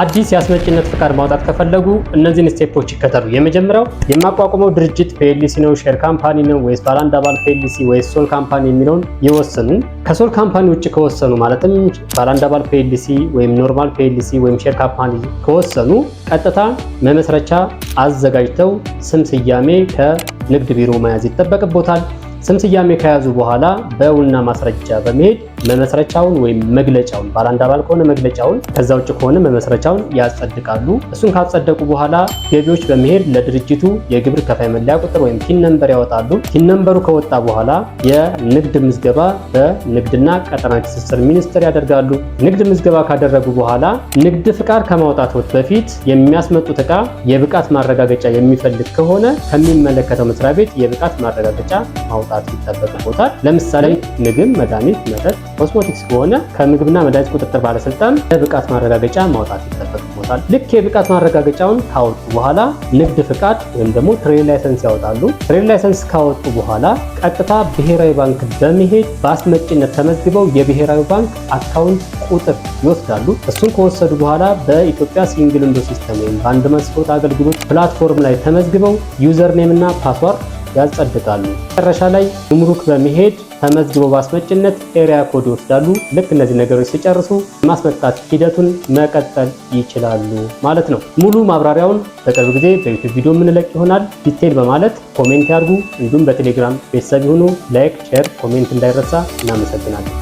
አዲስ የአስመጪነት ፍቃድ ማውጣት ከፈለጉ እነዚህን ስቴፖች ይከተሉ። የመጀመሪያው የማቋቋመው ድርጅት ፒኤልሲ ነው፣ ሼር ካምፓኒ ነው ወይስ ባላንድ አባል ፒኤልሲ ወይስ ሶል ካምፓኒ የሚለውን ይወስኑ። ከሶል ካምፓኒ ውጭ ከወሰኑ ማለትም ባላንድ አባል ፒኤልሲ ወይም ኖርማል ፒኤልሲ ወይም ሼር ካምፓኒ ከወሰኑ ቀጥታ መመስረቻ አዘጋጅተው ስም ስያሜ ከንግድ ቢሮ መያዝ ይጠበቅቦታል። ስም ስያሜ ከያዙ በኋላ በውልና ማስረጃ በመሄድ መመስረቻውን ወይም መግለጫውን ባላንድ አባል ከሆነ መግለጫውን፣ ከዛ ውጭ ከሆነ መመስረቻውን ያጸድቃሉ። እሱን ካጸደቁ በኋላ ገቢዎች በመሄድ ለድርጅቱ የግብር ከፋይ መለያ ቁጥር ወይም ቲን ነንበር ያወጣሉ። ቲን ነንበሩ ከወጣ በኋላ የንግድ ምዝገባ በንግድና ቀጠና ትስስር ሚኒስቴር ያደርጋሉ። ንግድ ምዝገባ ካደረጉ በኋላ ንግድ ፍቃድ ከማውጣቶት በፊት የሚያስመጡት ዕቃ የብቃት ማረጋገጫ የሚፈልግ ከሆነ ከሚመለከተው መስሪያ ቤት የብቃት ማረጋገጫ ማውጣት ሰዓት ይጠበቅቦታል። ለምሳሌ ምግብ፣ መድኃኒት፣ መጠጥ፣ ኮስሞቲክስ ከሆነ ከምግብና መድኃኒት ቁጥጥር ባለስልጣን ለብቃት ማረጋገጫ ማውጣት ይጠበቅቦታል። ልክ የብቃት ማረጋገጫውን ካወጡ በኋላ ንግድ ፍቃድ ወይም ደግሞ ትሬድ ላይሰንስ ያወጣሉ። ትሬድ ላይሰንስ ካወጡ በኋላ ቀጥታ ብሔራዊ ባንክ በመሄድ በአስመጪነት ተመዝግበው የብሔራዊ ባንክ አካውንት ቁጥር ይወስዳሉ። እሱን ከወሰዱ በኋላ በኢትዮጵያ ሲንግል ንዶ ሲስተም ወይም በአንድ መስኮት አገልግሎት ፕላትፎርም ላይ ተመዝግበው ዩዘር ኔም እና ፓስዋርድ ያጸድቃሉ። መጨረሻ ላይ ጉምሩክ በመሄድ ተመዝግቦ በአስመጭነት ኤሪያ ኮድ ይወስዳሉ። ልክ እነዚህ ነገሮች ሲጨርሱ የማስመጣት ሂደቱን መቀጠል ይችላሉ ማለት ነው። ሙሉ ማብራሪያውን በቅርብ ጊዜ በዩቱብ ቪዲዮ የምንለቅ ይሆናል። ዲቴል በማለት ኮሜንት ያድርጉ። እንዲሁም በቴሌግራም ቤተሰብ ይሁኑ። ላይክ፣ ሼር፣ ኮሜንት እንዳይረሳ። እናመሰግናለን።